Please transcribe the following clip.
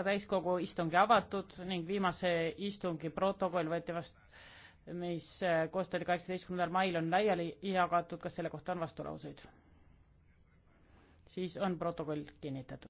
täiskogu istungi avatud ning viimase istungi protokoll võeti vastu, mis äh, koostati kaheksateistkümnendal mail, on laiali jagatud, kas selle kohta on vastulauseid? siis on protokoll kinnitatud.